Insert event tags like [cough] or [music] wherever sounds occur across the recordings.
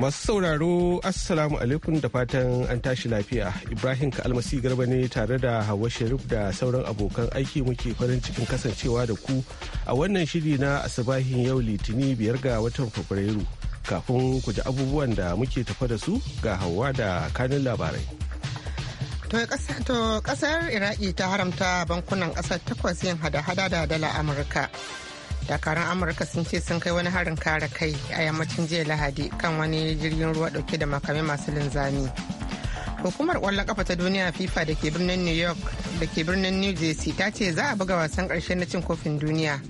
Masu sauraro Assalamu alaikum da fatan an tashi lafiya. Ibrahim ka almasi Garba ne tare da Hauwa Sharif da sauran abokan aiki muke farin cikin kasancewa da ku a wannan shiri na Asabahin yau Litini biyar ga watan Fabrairu. Kafin ku ji abubuwan da muke tafa da su ga hawa da kanin labarai. To kasar Iraki ta haramta bankunan kasar takwas yin hada-hada da dala Amurka. dakaran amurka sun ce sun kai wani harin kare kai a yammacin jiya lahadi kan wani jirgin ruwa dauke da makamai masu linzami hukumar kwallon kafa ta duniya fifa da ke birnin new york da ke birnin new jersey ta ce za a buga wasan karshe na cin kofin duniya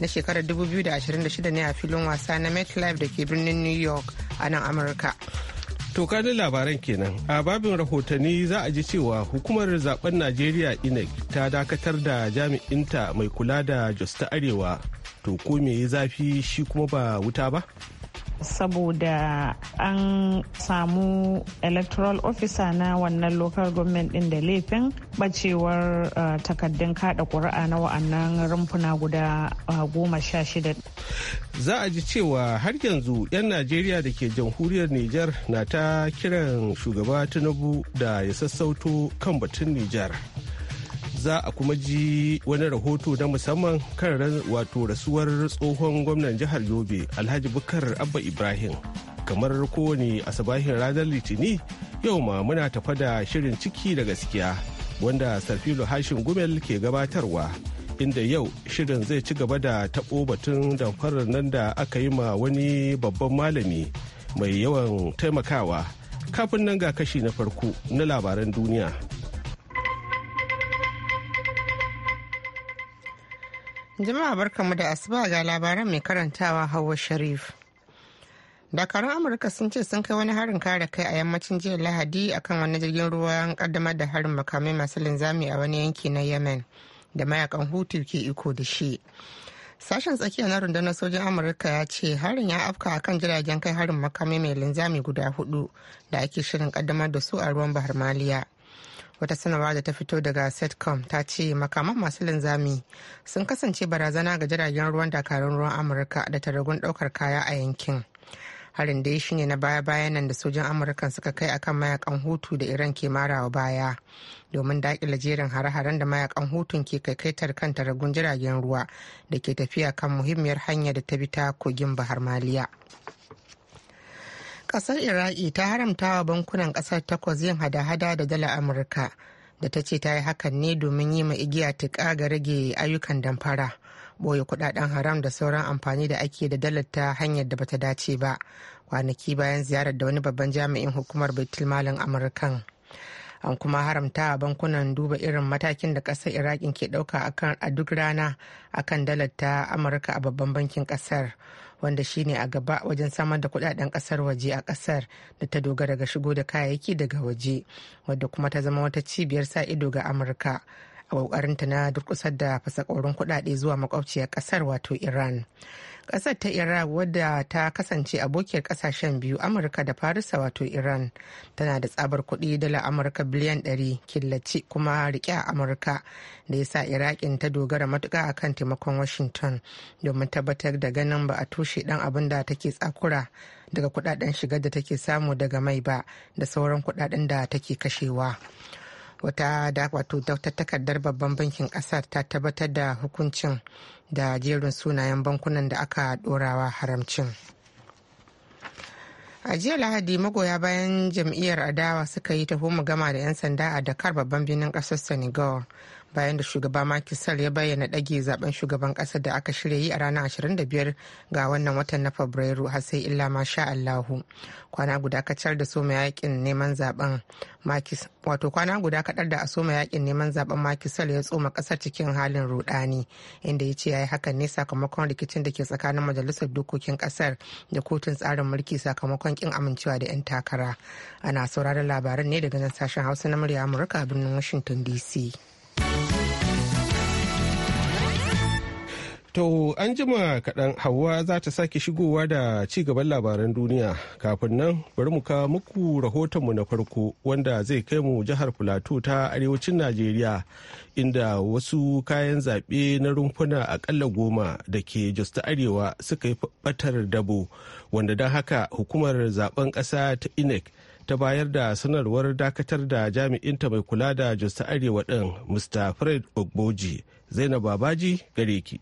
na shekarar 2026 ne a filin wasa na metlife da ke birnin new york a nan amurka To kanin labaran kenan a babin rahotanni za a ji cewa hukumar zaben Najeriya INEC ta dakatar da jami'inta mai kula da Jos ta Arewa to ko me ya zafi shi kuma ba wuta ba saboda an samu electoral officer na wannan local government din da laifin bacewar uh, takaddun kada kuri'a na wa'annan rumfuna guda uh, goma sha shida za a ji cewa har yanzu 'yan najeriya da ke jamhuriyar niger na ta kiran shugaba tinubu da ya sassauto kan batun niger za a kuma ji wani rahoto na musamman kan wato rasuwar tsohon gwamnan jihar yobe alhaji bukar abba ibrahim kamar kowane asabahin ranar litini yau ma muna tafa da shirin ciki da gaskiya wanda sarfilo hashin gumel ke gabatarwa inda yau shirin zai ci gaba da taɓo batun damfarar nan da aka yi ma wani babban malami mai yawan taimakawa kafin nan ga kashi na farko na labaran duniya. Jama'a barkamu da asuba ga labaran mai karantawa hawa Sharif. Dakarun Amurka sun ce sun kai wani harin kare kai a yammacin jiya Lahadi akan wani jirgin ruwan kaddamar da harin makamai masu linzami a wani yanki na Yemen da mayakan Hutu ke iko da shi. Sashen tsakiya na rundunar sojin Amurka ya ce harin ya afka akan jiragen kai harin makamai mai linzami guda hudu da ake shirin kaddamar da su a ruwan Bahar Maliya. wata sanarwa da ta fito daga setcom ta ce makaman masu linzami sun kasance barazana ga jiragen ruwan dakarun ruwan amurka da taragun daukar kaya a yankin harin da ya shine na baya-bayan nan da sojan amurka suka kai akan mayakan hutu da iran ke marawa baya domin daƙila jerin hare-haren da mayakan hutun ke kai kaikaitar kan taragun jiragen ruwa da ke tafiya kan muhimmiyar hanya da ta bi ta kogin bahar maliya kasar iraki ta haramtawa bankunan kasar takwas yin hada-hada da dala amurka da ta ce ta yi hakan ne domin yi ma igiya tuƙa ga rage ayyukan damfara boye kudaden haram da sauran amfani da ake da dalar ta hanyar da bata dace ba kwanaki bayan ziyarar da wani babban jami'in hukumar baitul malin amurkan an kuma haramta bankunan duba irin matakin da kasar iraki ke dauka a duk rana akan dala ta amurka a babban bankin kasar. wanda shine a gaba wajen samar da kudaden kasar waje a kasar da ta dogara ga shigo da kayayyaki daga waje wadda kuma ta zama wata cibiyar sa ido ga amurka a ta na durkusar da fasakorin kuɗaɗe zuwa makwabciyar ƙasar wato iran ƙasar ta iraq wadda ta kasance abokiyar ƙasashen biyu amurka da farisa wato iran tana da tsabar kuɗi dala amurka biliyan 100 killace kuma rike a amurka da ya sa iraqin ta dogara matuƙa akan taimakon washington domin tabbatar da ganin ba a toshe dan abin da take tsakura daga kudaden shigar da take samu daga mai ba da sauran kudaden da take kashewa wata da wato takardar babban bankin kasar ta tabbatar da hukuncin da jerin sunayen bankunan da aka dorawa haramcin a jiya lahadi magoya bayan jam'iyyar adawa suka yi taho gama da 'yan sanda a dakar babban birnin kasar senegal bayan da shugaba Macky ya bayyana ɗage zaben shugaban ƙasar da aka shirya yi a ranar ashirin biyar ga wannan watan na Fabrairu har sai illa ma sha Allahu. Kwana guda kacar da soma yakin neman zaben Macky wato kwana guda kadar da a soma yakin neman zaben Macky ya tsoma ƙasar cikin halin rudani inda ya ce ya yi hakan ne sakamakon rikicin da ke tsakanin majalisar dokokin ƙasar da kotun tsarin mulki sakamakon kin amincewa da 'yan takara. Ana sauraron labaran ne daga nan sashen Hausa na murya Amurka a birnin Washington DC. To an jima kaɗan Hauwa za ta sake shigowa da ci gaban labaran duniya kafin nan bari mu kawo muku rahotonmu na farko wanda zai kai mu jihar Filato ta arewacin Najeriya inda wasu kayan zaɓe na rumfuna aƙalla goma da ke Jos ta Arewa suka yi ɓatar dabo wanda don haka hukumar zaben ƙasa ta INEC ta bayar da sanarwar dakatar da jami'inta mai kula da jos arewa din mr fred ogboji zainab babaji gare ki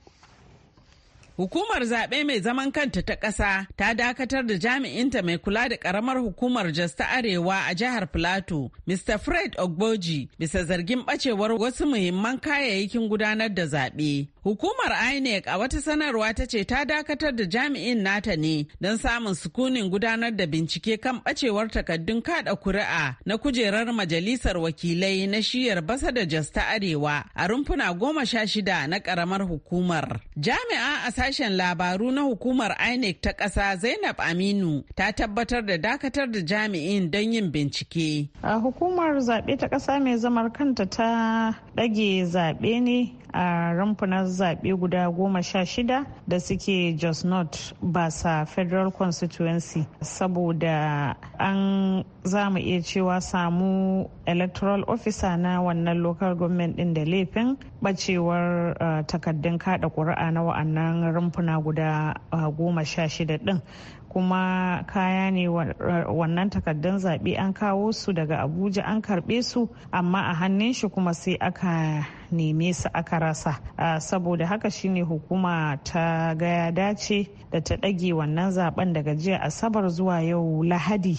Hukumar zaɓe mai zaman kanta ta ƙasa ta dakatar da jami'inta mai kula da ƙaramar hukumar Jos ta Arewa a jihar Filato, Mr. Fred Ogboji, bisa zargin ɓacewar wasu muhimman kayayyakin gudanar da zaɓe. Hukumar INEC a wata sanarwa ta ce ta dakatar da jami'in nata ne don samun sukunin gudanar da bincike kan bacewar takaddun kada kuri'a na kujerar majalisar wakilai na shiyar basa da jas ta arewa a rumfuna goma sha shida na karamar hukumar. Jami'a a sashen labaru na hukumar INEC ta ƙasa Zainab Aminu ta tabbatar da dakatar da jami'in don yin bincike. A hukumar zaɓe ta ƙasa mai zamar kanta ta ɗage zaɓe ne a rumfunan zaɓe guda goma sha shida da suke Jos North Basa Federal Constituency saboda an zamu iya cewa samu electoral officer na wannan local government ɗin da laifin ɓacewar takardun kaɗa ƙuri'a na wa'annan rumfuna guda goma sha shida ɗin kuma kaya ne wannan takardun zaɓe an kawo su daga abuja an karɓe su amma a hannun shi kuma sai aka neme su aka rasa saboda haka shine hukuma ta ga ya dace da ta ɗage wannan zaben daga jiya asabar zuwa yau lahadi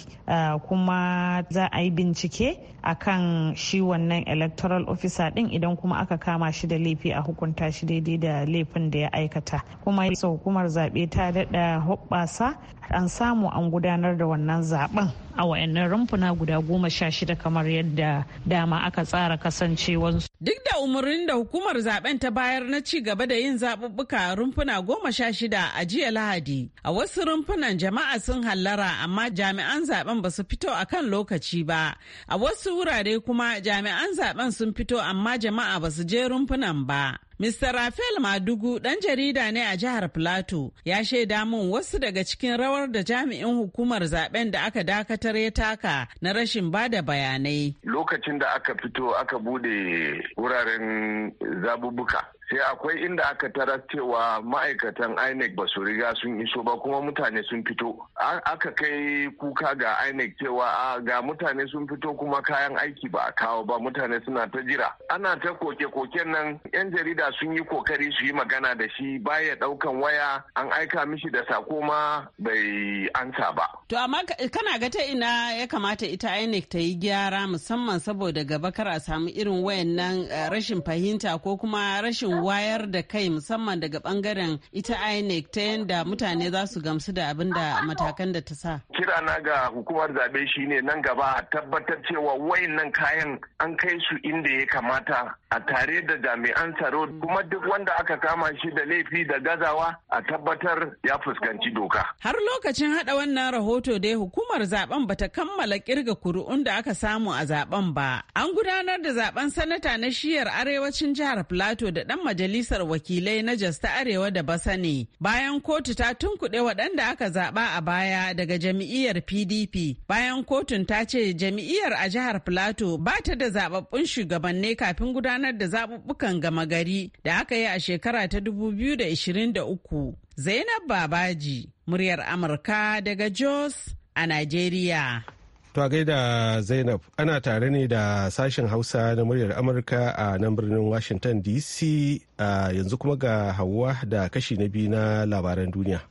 kuma za a yi bincike akan shi wannan electoral officer din idan kuma aka kama shi da laifi a hukunta shi daidai da laifin da ya aikata kuma hukumar zaɓe ta daɗa hoɓɓasa an samu an gudanar da wannan zaben a wayannan rumfuna guda goma sha shida kamar yadda dama aka tsara kasancewansu. Duk da umarnin da hukumar zaben ta bayar na ci gaba da yin zaɓuɓɓuka rumfuna goma sha shida a jiya Lahadi, a wasu rumfunan jama'a sun hallara amma jami'an zaben ba su fito a kan lokaci ba. A wasu wurare kuma jami'an zaben sun fito amma jama'a ba su je rumfunan ba. Mr. Rafael Madugu ɗan jarida ne a jihar Plateau ya shaida min wasu daga cikin rawar da jami'in hukumar zaben da aka dakatar ya taka na rashin bada bayanai. Lokacin da aka fito aka bude wuraren zabubuka sai eh, akwai inda aka tarar cewa ma'aikatan inec ba su riga sun iso ba kuma mutane sun fito aka kai kuka ga inec cewa ga mutane sun fito kuma kayan aiki ba a kawo ba mutane suna ta jira ana ta koke-koken nan yan jarida sun yi kokari su yi magana da shi baya daukan waya an aika mishi da sako ma bai ansa ba to amma kana ga ta ina ya kamata ita inec ta yi gyara musamman saboda gaba kar a samu irin wayannan eh, rashin fahimta ko kuma rashin wayar da kai musamman daga bangaren ita INEC ta yadda mutane za su gamsu da abin da matakan da ta sa. kirana ga hukumar zabe shine nan gaba a tabbatar cewa wayannan kayan an kai su inda ya kamata a tare da jami'an tsaro kuma duk wanda aka kama shi da laifi da gazawa a tabbatar ya fuskanci doka. Har lokacin hada wannan rahoto dai hukumar zaben bata kammala kirga kuri'un da aka samu a zaben ba. An gudanar da zaben sanata na shiyar arewacin jihar Plateau da dan majalisar wakilai na Jos ta Arewa da Basane bayan kotu ta tunkuɗe waɗanda aka zaɓa a baya daga jam'iyyar PDP bayan kotun ta ce jam'iyyar a jihar Plateau ba ta da zaɓaɓɓun shugabanni kafin gudanar da zaɓuɓɓukan gama gari da aka yi a shekara ta uku Zainab Babaji, muryar Amurka daga Jos a Najeriya. To a gaida Zainab ana tare ne da sashen Hausa na muryar Amurka a nan birnin Washington DC yanzu kuma ga hawa da kashi na biyu na labaran duniya.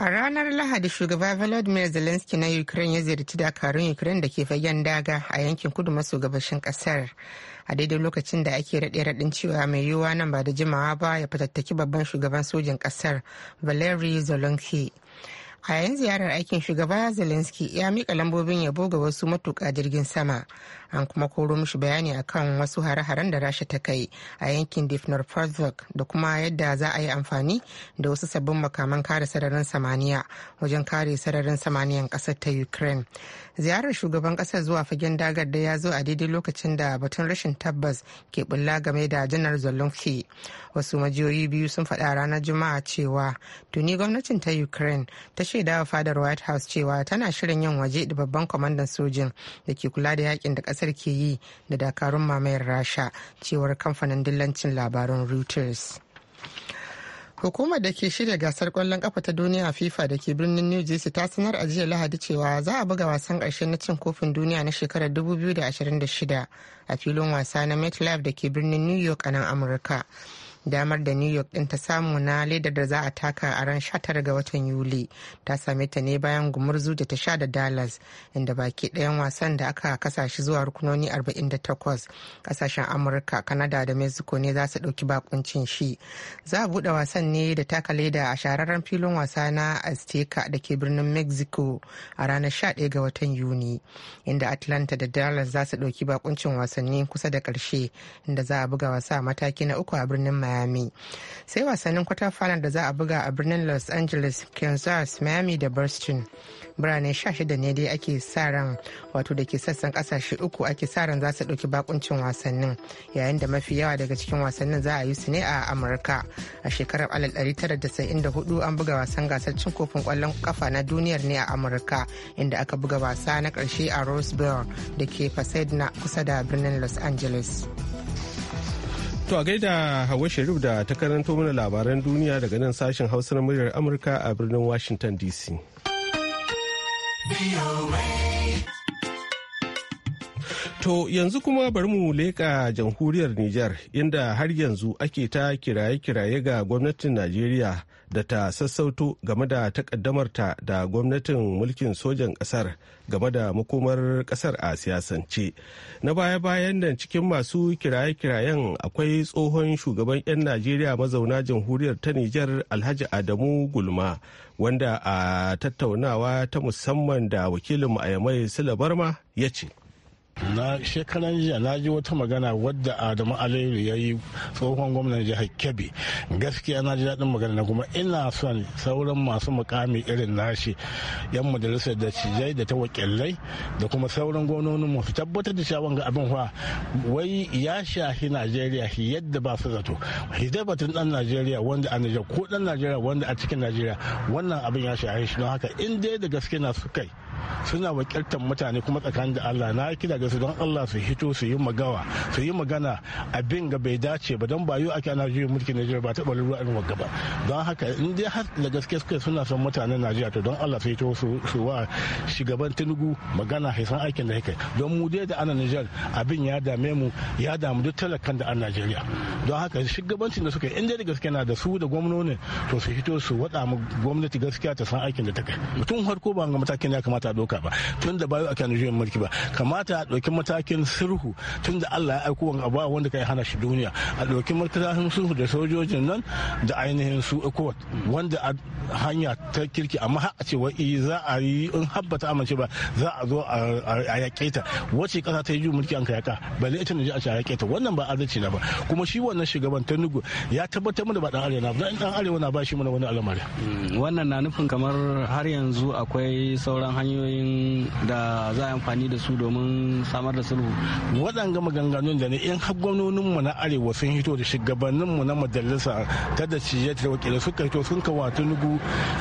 A ranar Lahadi shugaba Volodymyr Zelensky na Ukraine ya ziyarci dakarun Ukraine da ke fagen daga a yankin kudu maso gabashin kasar. a daidai lokacin da ake raɗe raɗin cewa mai yiwuwa nan ba da jimawa ba ya fatattaki babban shugaban sojin ƙasar valeri zolonki. a yayin ziyarar aikin shugaba zelensky ya mika lambobin yabo ga wasu matuka jirgin sama an kuma koro mishi bayani akan wasu hare-haren da rasha ta kai a yankin difnor da kuma yadda za a yi amfani da wasu sabbin makaman kare sararin samaniya wajen kare sararin samaniyan kasar ta ukraine ziyarar shugaban kasar zuwa fagen dagar da ya zo a daidai lokacin da batun rashin tabbas ke bulla game da janar zolonki wasu majiyoyi biyu sun faɗa ranar juma'a cewa tuni gwamnatin ta ukraine ta shaida wa fadar white house cewa tana shirin yin waje da babban kwamandan sojin da ke kula da yakin da kasar ke yi da dakarun mamayar rasha cewar kamfanin dillancin labarun reuters hukumar da ke shirya gasar kwallon kafa ta duniya a fifa da ke birnin new jersey ta sanar a jiya lahadi cewa za a buga wasan ƙarshe na cin kofin duniya na shekarar 2026 a filin wasa na metlife da ke birnin new york a nan amurka damar da new york din ta samu na ledar da za a taka a ran 19 ga watan yuli ta same ta ne bayan gumurzu da ta sha da dallas inda baki ɗayan wasan da aka kasashe zuwa rukunoni 48 kasashen amurka kanada da mexico ne za su ɗauki bakuncin shi za a buɗe wasan ne da taka leda a shahararren filin wasa na azteca da ke birnin mexico a ranar 11 ga watan yuni inda atlanta da dallas za su ɗauki bakuncin wasanni kusa da karshe inda za a buga wasa mataki na uku a birnin miami miami sai wasannin kwata final da za a buga a birnin los angeles kansas miami da boston birane 16 ne dai ake sa ran wato da ke sassan kasashe uku ake sa ran za su ɗauki bakuncin wasannin yayin da mafi yawa daga cikin wasannin za a yi su ne a amurka a shekarar hudu an buga wasan gasar cin kofin kwallon kafa na duniyar ne a amurka inda aka buga wasa na karshe a roseville da ke pasadena kusa da birnin los angeles To a gaida Hauwa Sharif da ta karanto mana labaran duniya daga nan sashen Hausa na muryar Amurka a birnin Washington DC. To yanzu kuma bari mu leƙa jamhuriyar Nijar inda har yanzu ake ta kiraye-kiraye ga gwamnatin Najeriya da ta sassauto game da takaddamarta da gwamnatin mulkin sojan ƙasar game da makomar ƙasar a siyasance na baya-bayan nan cikin masu kiraye-kirayen akwai tsohon shugaban 'yan najeriya mazauna jamhuriyar ta nijar alhaji adamu gulma wanda a tattaunawa ta musamman da wakilin a sula barma ya ce na shekaran jiya na ji wata magana wadda adamu aliyu ya yi tsohon gwamnan jihar kebbi gaskiya na ji daɗin magana na kuma ina son sauran masu mukami irin nashi yan majalisar da cijai da ta wakilai da kuma sauran gononin mu su tabbatar da cewa ga abin fa wai ya shahi najeriya yadda ba su zato hidabatun dan najeriya wanda a nijar ko dan najeriya wanda a cikin najeriya wannan abin ya shahi shi don haka in dai da gaske na su kai suna wakiltar mutane kuma tsakanin da Allah na kira ga su don Allah su hito su yi magawa su yi magana abin ga bai dace ba don bayu ake ana juyin mulkin Najeriya ba taɓa ruwa irin wagga ba don haka in dai har da gaske suka suna son mutanen Najeriya to don Allah su hito su wa shugaban Tinubu magana haisan aikin da yake don mu dai da ana Niger abin ya dame mu ya damu duk talakan da an Najeriya don haka shugabancin da suka in dai da gaske na da su da gwamnonin to su hito su waɗa mu gwamnati gaskiya ta san aikin da ta kai mutum harko ba ga matakin ya kamata ta doka ba tun da bayo kan nijiyar mulki ba kamata a ɗauki matakin sulhu tun da Allah ya aiko wani abu wanda kai hana shi duniya a ɗauki matakin sulhu da sojojin nan da ainihin su ECOWAS wanda a hanya ta kirki amma har a ce wai eh za a yi in habbata amince ba za a zo a yaƙe ta wace ƙasa ta yi ju mulki an ka yaƙa bale ita ne a ce a yaƙe ta wannan ba adalci na ba kuma shi wannan shugaban ta nugu ya tabbatar mana ba dan arewa na ba dan arewa na ba shi mana wani al'amari hmm, wannan na nufin kamar har yanzu akwai sauran hanyoyi hanyoyin da za a amfani da su domin samar da sulhu waɗanga maganganun da ne yan har mu na arewa sun hito da shugabanninmu na majalisa ta da cije ta wakilai suka hito sun kawo tunugu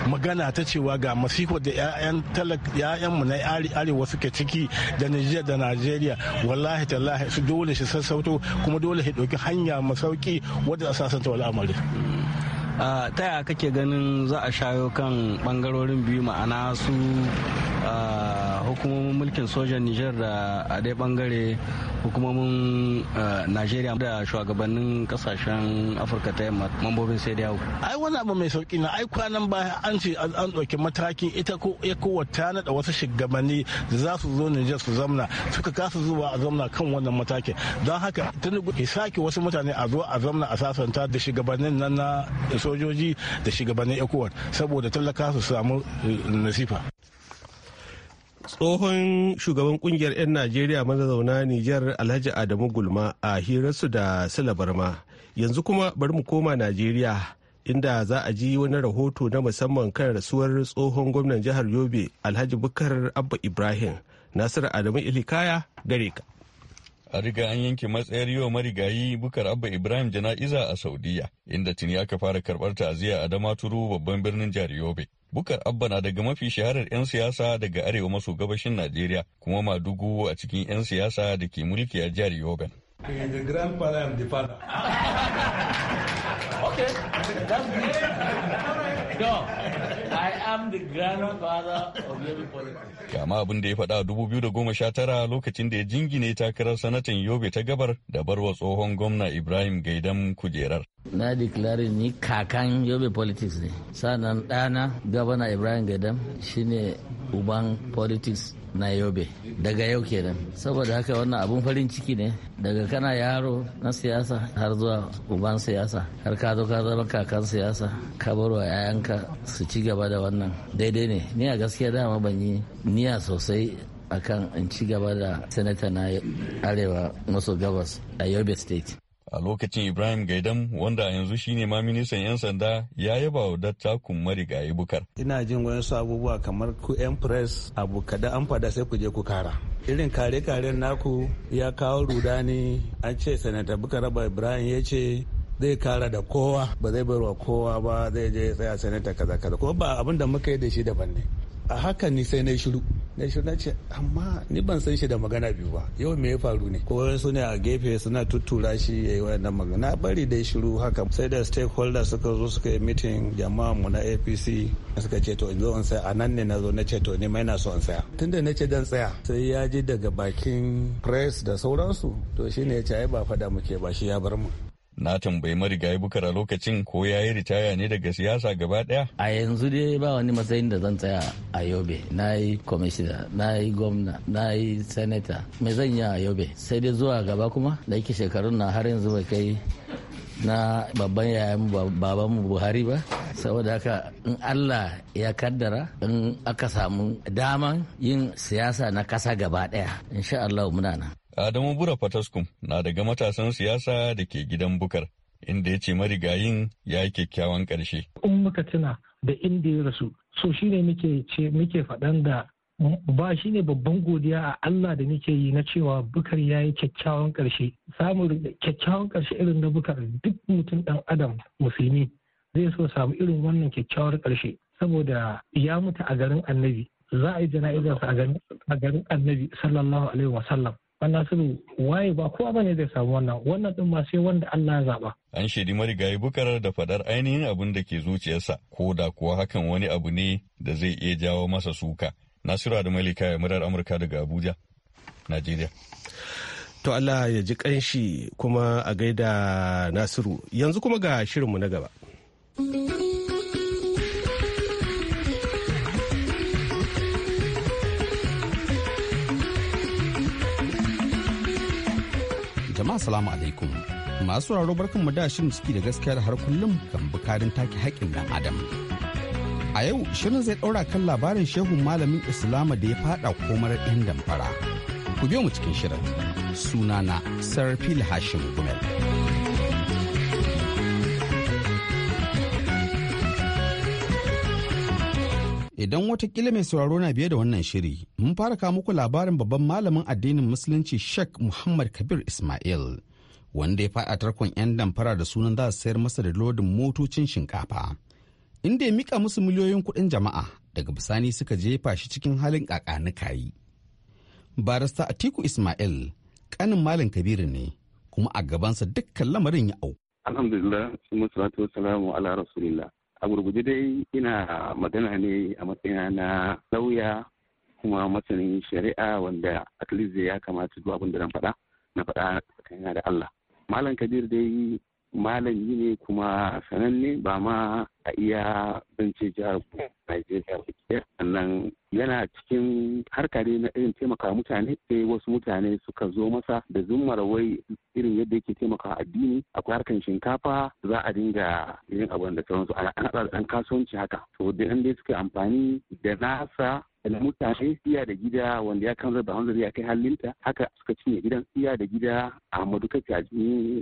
magana ta cewa ga masifo da 'ya'yanmu na arewa suke ciki da nijar da najeriya wallahi tallahi su dole shi sassauto kuma dole shi ɗauki hanya masauki wadda a sasanta wal'amari. Ah, ta yaya kake ganin za a shayo kan bangarorin biyu ma'ana su ah, hukumomin mulkin sojan niger da a dai bangare hukumomin eh, Najeriya. da shugabannin kasashen afirka ta yamma mambobin sai dawo. ai wani abu mai sauki na ai kwanan baya an ce an ɗauki matakin ita ko wata naɗa wasu shugabanni da za su zo niger su zamna suka kasa zuwa a zamna kan wannan matakin don haka tinubu ya sake wasu mutane a zo a zamna a sasanta da shugabannin nan na sojoji da shugabannin ecowas saboda talaka su samu eh, nasifa tsohon shugaban kungiyar 'yan najeriya mazauna nijar alhaji adamu gulma a hirarsu da silabarma yanzu kuma bari mu koma najeriya inda za a ji wani rahoto na musamman kan rasuwar tsohon gwamnan jihar yobe alhaji bukar abba ibrahim Nasiru adamu ilikaya gare ka a riga an yanke matsayar yiwa marigayi bukar abba ibrahim jana'iza a saudiya inda tuni aka fara karbar ta'aziyya a damaturu babban birnin jihar yobe bukar abba na daga mafi shaharar 'yan siyasa daga arewa maso gabashin najeriya kuma madugu a cikin 'yan siyasa da ke mulki a jihar yobe [laughs] Okay, that's good. [laughs] I am the grandfather of Yobe politics. Kama abin da ya faɗa a 2019 lokacin da ya jingine takarar sanatan Yobe ta gabar da barwa tsohon gwamna Ibrahim Gaidan kujerar. Na declare ni kakan Yobe politics ne. Sannan ɗana gabana Ibrahim Gaidan shine uban politics na yobe daga yau kenan saboda haka wannan abun farin ciki ne daga kana yaro na siyasa har zuwa uban siyasa har ka zo ka zama kakan siyasa ka bar wa 'ya'yanka su ci gaba da wannan daidai ne ni a gaskiya dama ban yi niya sosai akan in ci gaba da sanata na arewa maso gabas a yobe state a lokacin ibrahim gaidan wanda a yanzu shine ma ministan 'yan sanda ya yaba wa dattakun marigayi bukar ina jin wani abubuwa kamar ku yan press abu kada an fada sai ku je ku kara irin kare-karen naku ya kawo rudani an ce sanata bukar raba ibrahim ya ce zai kara da kowa ba zai wa kowa ba zai je tsaya sanata kaza kaza ko ba abin da muka yi da shi daban ne a hakan ni sai na shiru na shiru na ce amma ni ban san shi da magana biyu ba yau me ya faru ne ko su ne a gefe suna tuttura shi ya yi wannan magana bari da shiru haka sai da stakeholder suka zo suka yi meeting jama'a mu na apc suka ce to in zo in saya a nan ne na zo na ce to ni mai na so in tsaya tunda na ce dan tsaya sai ya ji daga bakin press da sauransu to shine ya ce ai ba fada muke ba shi ya bar mu Na tambayi marigayi bukara lokacin ko ya yi ritaya ne daga siyasa gaba daya? A yanzu dai ba wani matsayin da zan tsaya a Yobe. Na yi komishina, na yi gwamna, na yi sanata. Me zan yi a Yobe? Sai dai zuwa gaba kuma da yake shekarun na har yanzu bai kai na babban yayan babanmu buhari ba saboda haka in allah ya kaddara in aka samu daman yin siyasa na kasa gaba daya insha allah muna nan Adamu Bura Fataskum na daga matasan siyasa da ke gidan bukar, inda ya ce marigayin ya yi kyakkyawan ƙarshe. In muka tuna da inda ya rasu, so shi ne muke faɗan da ba shi ne babban godiya a Allah da muke yi na cewa bukar ya yi kyakkyawan ƙarshe. Samun kyakkyawan ƙarshe irin na bukar duk mutum ɗan adam musulmi zai so samu irin wannan kyakkyawar ƙarshe. Saboda ya mutu a garin annabi, za a yi jana'izarsa a garin annabi sallallahu alaihi wa sallam. Nasiru waye ba kowa bane zai samu wannan wannan din ma sai wanda Allah ya zaba. An shedi marigayi bukar da fadar ainihin abin da ke zuciyarsa ko da kuwa hakan wani abu ne da zai iya jawo masa suka. Nasiru da Malika ya murar Amurka daga Abuja, Najeriya. To Allah ya ji kanshi kuma a gaida Nasiru yanzu kuma ga shirinmu na gaba. assalamu alaikum masu raro barkan mu da shirin suke da gaskiya da har kullum kan bukarin take haƙƙin dan adam a yau shirin zai ɗaura kan labarin shehun malamin islama da ya faɗa komar ɗin damfara ku biyo mu cikin shirin sunana sarfil hashim gumel Idan wata watakila mai sauraro na biye da wannan shiri, mun fara kawo muku labarin babban malamin addinin Musulunci Sheikh Muhammad Kabir Ismail, wanda ya faɗa tarkon 'yan damfara da sunan za su sayar masa da lodin motocin shinkafa. Inda ya mika musu miliyoyin kuɗin jama'a daga bisani suka jefa shi cikin halin kakanikayi. Barista Atiku Ismail, kanin Malam Kabiru ne, kuma a gabansa dukkan lamarin ya au. Alhamdulillah, sun wasu salamu ala rasulillah. a gurguje dai ina magana ne a matsayina na lauya kuma masanin shari'a wanda at least ya kamata duk abin da na faɗa na faɗa tsakanin da Allah malam kabir dai Malam yi ne kuma sananne ba ma a iya zance jihar Najeriya ba sannan yana cikin harkare na irin taimaka mutane sai wasu mutane suka zo masa da zummar wai irin yadda yake taimaka addini akwai harkan shinkafa za a dinga yin abin da sauransu ana ɗan kasuwanci haka to da dai suka amfani da nasa da mutane siya da gida wanda ya kan zarba hanzari ya kai halinta haka suka cinye gidan siya da gida a madukaci a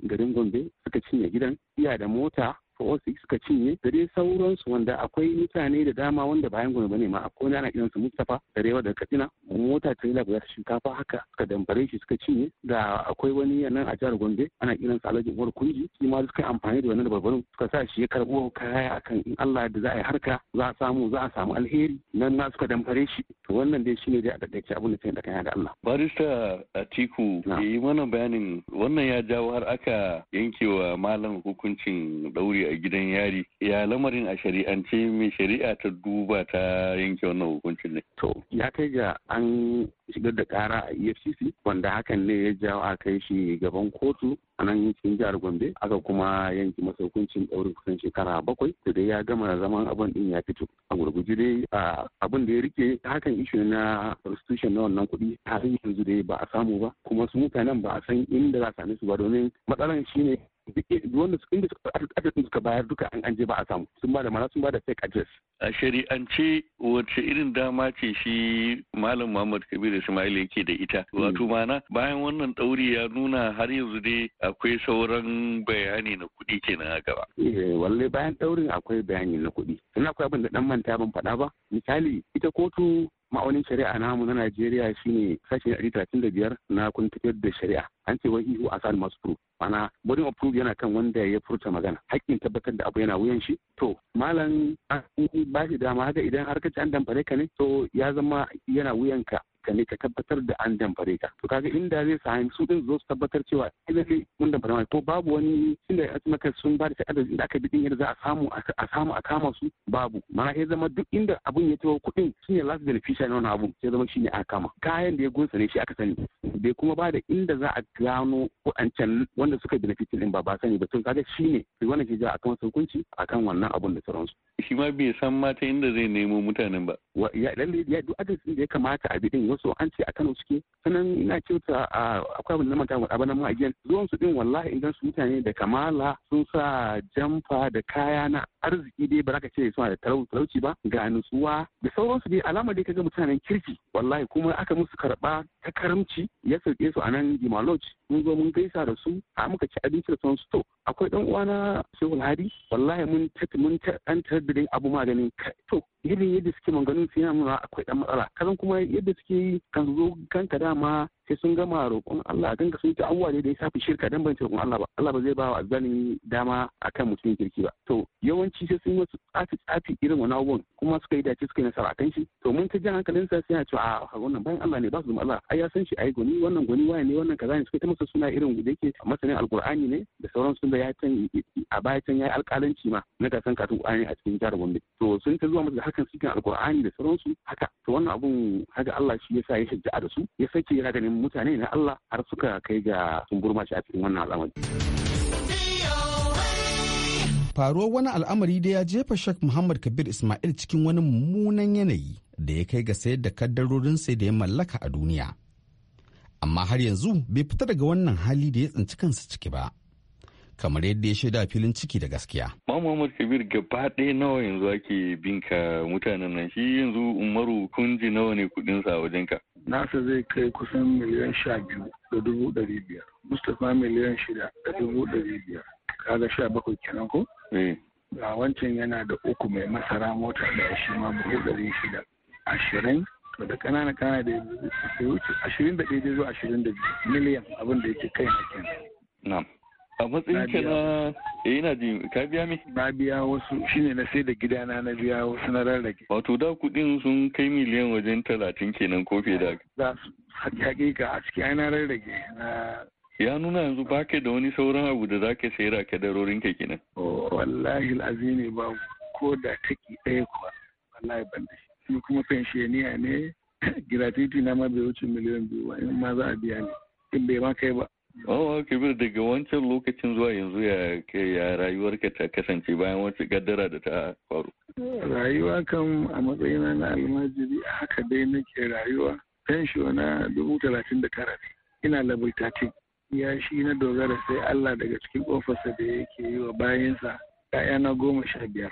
garin gombe suka cinye gidan siya da mota 406 suka cinye da dai sauransu wanda akwai mutane da dama wanda bayan gwamnati bane ma akwai wani ana su Mustapha da rewa da Katsina mota trailer guda shinkafa haka suka dambare shi suka cinye da akwai wani nan a jihar Gombe ana su Alhaji Umar Kunji shi ma suka amfani da wannan babban suka sa shi ya karbo kaya akan in Allah da za a yi harka za a samu za a samu alheri nan na suka dambare shi to wannan dai shine dai a daddake abin da da da Allah barista Atiku yi mana bayanin wannan ya jawo har aka yankewa malam hukuncin ɗauri a gidan yari ya lamarin a shari'ance mai shari'a ta duba ta yanke wannan hukuncin ne to ya kai ga an shigar da kara a efcc wanda hakan ne ya jawo a kai shi gaban kotu a nan cikin jihar gombe aka kuma yanke masa hukuncin ɗaurin kusan shekara bakwai da dai ya gama zaman abin din ya fito a gurguje dai abin da ya rike hakan ishu na restitution na wannan kuɗi har yanzu dai ba a samu ba kuma su mutanen ba a san inda za a same su ba domin matsalan shine wanda inda adresin suka bayar duka an je ba a samu sun ba da mana sun ba da fake address a shari'ance wacce irin dama ce shi malam muhammad kabir ismail yake da ita hmm. wato mana bayan wannan dauri ya nuna har yanzu dai akwai sauran bayani na kuɗi kenan a gaba eh, walle bayan daurin akwai bayani na kuɗi sannan akwai abin da dan manta ban faɗa ba misali ita kotu ma'aunin shari'a namu na Najeriya shine sashi na biyar, na kun tafiyar da shari'a an ce wai ihu a sa masu furu mana bodin of proof yana kan wanda ya furta magana hakkin tabbatar da abu yana wuyan shi to malam an ba shi dama haka idan har ka ci an damfare ka ne to ya zama yana wuyan ka ka ne ka tabbatar da an damfare ka to kaga inda zai sa su din zo su tabbatar cewa lalle mun da barama to babu wani inda ya ka sun ba da takardar inda aka bi din yadda za a samu a samu a kama su babu mana ya zama duk inda abun ya tawo kuɗin ne last beneficiary na wannan abun sai zama shi ne aka kama kayan da ya gunsa ne shi aka sani bai kuma ba da inda za a gano waɗancan wanda suka benefit din ba ba sani ba to kaga shi ne, sai wannan ke ja a kan hukunci kan wannan abun da sauransu shi ma bai san mata inda zai nemo mutanen ba ya duk adadin da ya kamata a bi din wasu an ce a Kano suke sannan ina kyauta a akwai abin da mata wa abana ma again zuwan su din wallahi idan su mutane da kamala sun sa jamfa da kaya na arziki dai ba za ka ce suna da talauci ba ga nutsuwa da sauransu dai alama dai kaga mutanen kirki wallahi kuma aka musu karba ta karamci ya sauke su a nan Gimaloch mun zo mun gaisa da su a muka ci abinci da su to akwai dan uwana sai wallahi mun mun an tarbirin abu maganin to yadda yadda suke manganu su yana nuna akwai dan matsala kasan kuma yadda suke kan zo kanka dama sai sun gama roƙon Allah a ganga sun ta abubuwa da ya shafi shirka dan ban roƙon Allah ba Allah ba zai ba wa azzalimi dama akan mutum kirki ba to yawanci sai sun wasu tsafi tsafi irin wani abubuwan kuma suka yi dace suka yi nasara akan shi to mun ta jan hankalin sa sai ce a wannan bayan Allah ne ba su zama Allah ai ya san shi ai goni wannan goni waye ne wannan kaza ne suka ta masa suna irin da yake masanin alqur'ani ne da sauran sun da ya can a baya can yayi alƙalanci ma na ka san katun ƙur'ani a cikin jihar Gombe to sun ta zuwa masa hakan harkan cikin alqur'ani da sauransu haka to wannan abun haka Allah shi yasa ya shajja da su ya sake yana ganin mutane na Allah har suka kai ga sun gurma shi a cikin wannan al'amari. Faruwar wani al'amari da ya jefa Sheikh Muhammad Kabir Ismail cikin wani mummunan yanayi da ya kai ga sayar da kaddarorin sai da ya mallaka a duniya. Amma har yanzu bai fita daga wannan hali da ya tsinci kansa ciki ba. kamar yadda ya shaida filin ciki da gaskiya. Ma Muhammad Kabir gaba ɗaya nawa yanzu ake binka mutanen nan shi yanzu Umaru kunji nawa ne sa wajen ka. Nasa zai kai kusan miliyan sha biyu da dubu ɗari biyar. Mustapha miliyan shida da dubu ɗari biyar. Kaga sha bakwai kenan ko? Eh. Ga wancan yana da uku mai masara mota da shi ma dubu ɗari shida. Ashirin to da kanana ƙanana da ya wuce ashirin da ɗaya zuwa ashirin da biyu miliyan abin da yake kai na kenan. a matsayin ka na eh, ina ji ka biya mi na biya wasu shine na sai da gidana na biya wasu na rarrake wato da kudin sun kai miliyan wajen talatin kenan ko fiye da za su hakika a ciki na rarrage na ya nuna yanzu ba ka da wani sauran abu da ka sayar a kadarorin ka kenan oh, wallahi ne ba ko da take ɗaya kuwa wallahi ban da shi kuma pensioniya ne gratuity na ma bai wuce miliyan biyu ba in ma za a biya ne in bai ma kai ba Oh, Kabir daga wancan lokacin zuwa yanzu ya ke ya rayuwarka ta kasance bayan wata gaddara da ta faru. Rayuwa kan a matsayina na almajiri a haka dai nake rayuwa. Fensho na dubu talatin da tara ne. Ina labar thirteen. Ya shi na dogara sai Allah daga cikin ofisa da yake yi wa bayansa. ‘Ya'yana goma sha biyar.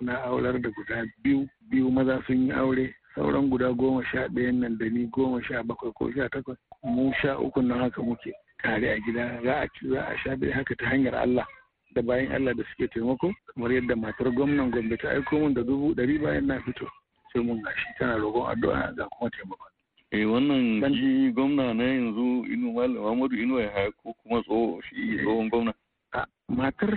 Na aurar da guda biyu, biyu maza sun yi aure, sauran guda goma sha ɗayan nan da ni goma sha bakwai ko sha takwas. Mu sha uku na haka muke. tare a gida za a ci za a sha bai haka ta hanyar Allah da bayan Allah da suke taimako kamar yadda matar gwamnan Gombe ta aiko min da dubu ɗari bayan na fito sai mun gashi tana roƙon addu'a ga kuma taimako. Eh wannan shi gwamna na yanzu Inu Muhammadu Inu ya haya ko kuma tso shi eh. tsohon gwamna. Matar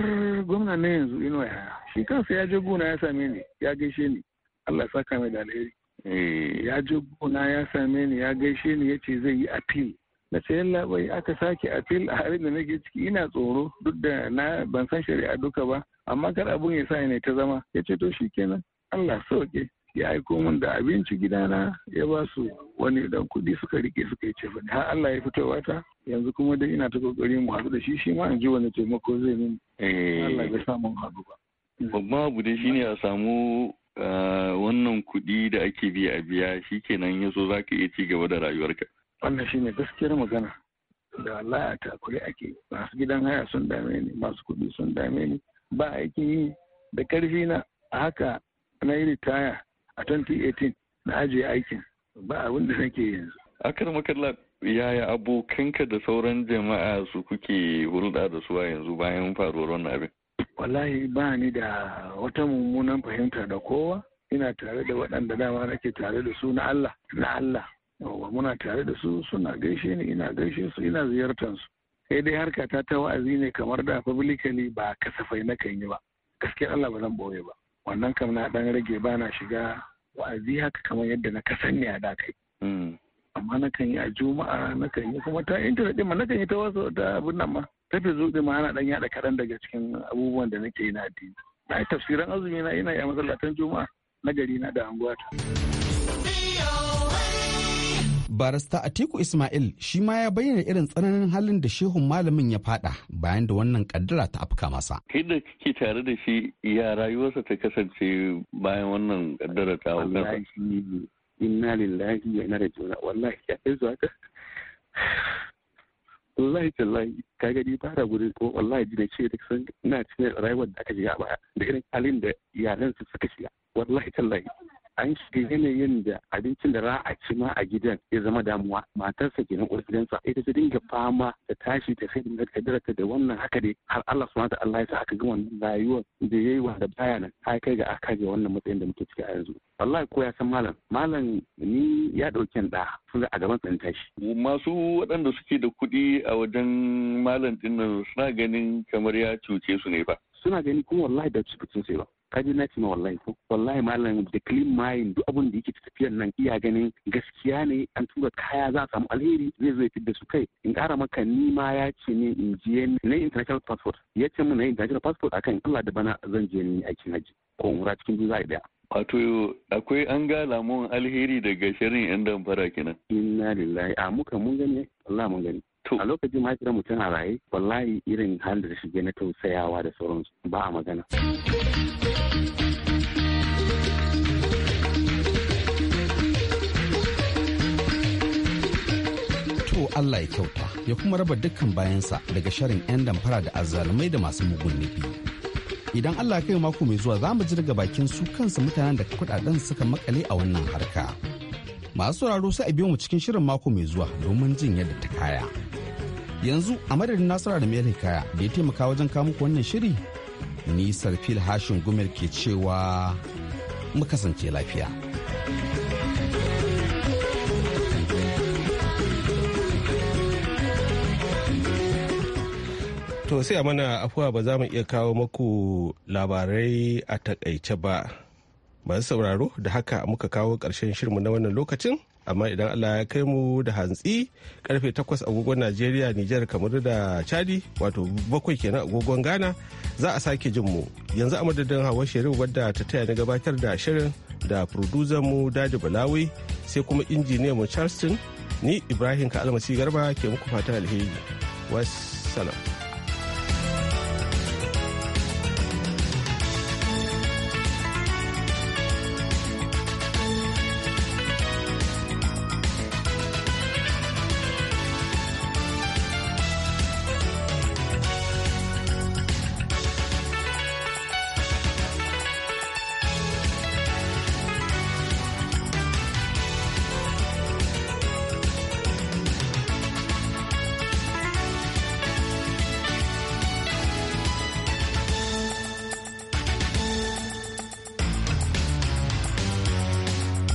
gwamna na yanzu Inu ya haya shi kansa ya je gona ya same ni ya gaishe ni Allah saka mai da alheri. Eh. Ya je gona ya same ni ya gaishe ni ya ce zai yi appeal na ce labai aka sake a fil. a halin da nake ciki ina tsoro duk da na ban san shari'a duka ba amma kar abun ya sa ne ta zama ya ce to shikenan Allah sauke ya aiko min da abinci gidana ya ba su wani dan kudi suka rike suka yi ce har Allah ya fito wata yanzu kuma dai ina ta kokari mu hadu da shi shi ma in ji wani taimako zai min eh. Allah ya mun hadu ba babban abu dai shine a samu ah, wannan kudi da ake biya a biya shikenan yaso zaka iya ci gaba da rayuwarka wannan shine gaskiyar magana da Allah ya takure ake masu gidan haya sun dame ni masu kuɗi sun dame ni ba aiki yi da karfi na haka na yi ritaya a 2018 na ajiye aikin ba abin da nake yanzu akar makalla yaya abokanka da sauran jama'a su kuke hulɗa da su yanzu bayan faruwar wannan abin wallahi ba ni da wata mummunan fahimta da kowa ina tare da waɗanda dama nake tare da su na Allah na Allah yawa muna tare da su suna gaishe ni ina gaishe su ina ziyartar su sai dai harka ta ta wa'azi ne kamar da publicly ba kasafai na kan yi ba gaskiya Allah ba zan boye ba wannan kam na dan rage ba na shiga wa'azi haka kamar yadda na kasan ne a da kai hmm. amma na kan yi a juma'a na kan yi kuma ta intanet din ma na kan yi ta wasu ta abin nan ma ta fi zuɗi ma ana dan yaɗa kaɗan daga cikin abubuwan da nake yi na addini na yi tafsiran azumi na ina yi a masallatan juma'a na gari na da ta. barista atiku ismail shi ma ya bayyana irin tsananin halin da shehun malamin ya fada bayan da wannan kaddara ta afka masa da ke tare da shi ya rayuwarsa ta kasance bayan wannan kaddara ta afka inna lillahi wa inna ilaihi wallahi ya kai zuwa ka wallahi tallahi ka gani fara da gurin ko wallahi ji ce da san ina cikin rayuwar da aka a baya da irin halin da su suka shiga wallahi tallahi an shiga yanayin da abincin da za ci ma a gidan ya zama damuwa matarsa kenan uwar gidansa ita ta dinga fama da tashi ta sai da kadarta da wannan haka dai har Allah subhanahu wa ta'ala ya sa aka ga wannan rayuwar da yayi da baya nan har kai ga aka ga wannan matsayin da muke ciki a yanzu wallahi ko ya san malam malam ni ya dauki da sun a gaban tsan tashi masu waɗanda suke da kuɗi a wajen malam dinnan suna ganin kamar ya cuce su ne ba suna gani kuma wallahi da su sai ba ka ji na ce ma wallahi ko wallahi malam da clean mind duk abin da yake tafiyar nan iya ganin gaskiya ne an tura kaya za a samu alheri zai zo ya da su kai in ƙara maka ni ma ya ce ne in je na international passport ya ce mun na international passport akan Allah da bana zan je ni aikin haji ko umra cikin biyu za a daya Wato akwai an ga lamun alheri daga shirin yan damfara kenan. Inna lillahi a muka mun gani Allah mun gani. A lokacin mahaifiyar mutum a raye wallahi irin halin da shige na tausayawa da sauransu ba a magana. Allah ya kyauta ya kuma raba dukkan bayansa daga sharin 'yan damfara da azzalumai da masu mugun nufi. Idan Allah kai mako mai zuwa za mu ji daga bakin su kansa mutanen da kudaden suka makale a wannan harka. Masu sauraro sai a biyo mu cikin shirin mako mai zuwa domin jin yadda ta kaya. Yanzu a madadin Nasara da Mele Kaya da ya taimaka wajen kawo muku wannan shiri, ni Sarfil Hashin Gumel ke cewa mu kasance lafiya. To sai a mana afuwa ba za mu iya kawo maku labarai a takaice ba. Masu sauraro da haka muka kawo ƙarshen shirmu na wannan lokacin, amma idan Allah ya kai mu da hantsi karfe 8 agogon Najeriya, Nijar, kamar da Chadi, wato bakwai kenan agogon Ghana, za a sake jin mu. Yanzu a madadin hawa shirin wadda ta taya na gabatar da shirin da producer mu Dadi Balawi sai kuma injiniya mu Charleston, ni Ibrahim Ka'almasi Garba ke muku fatan alheri. Wassalam.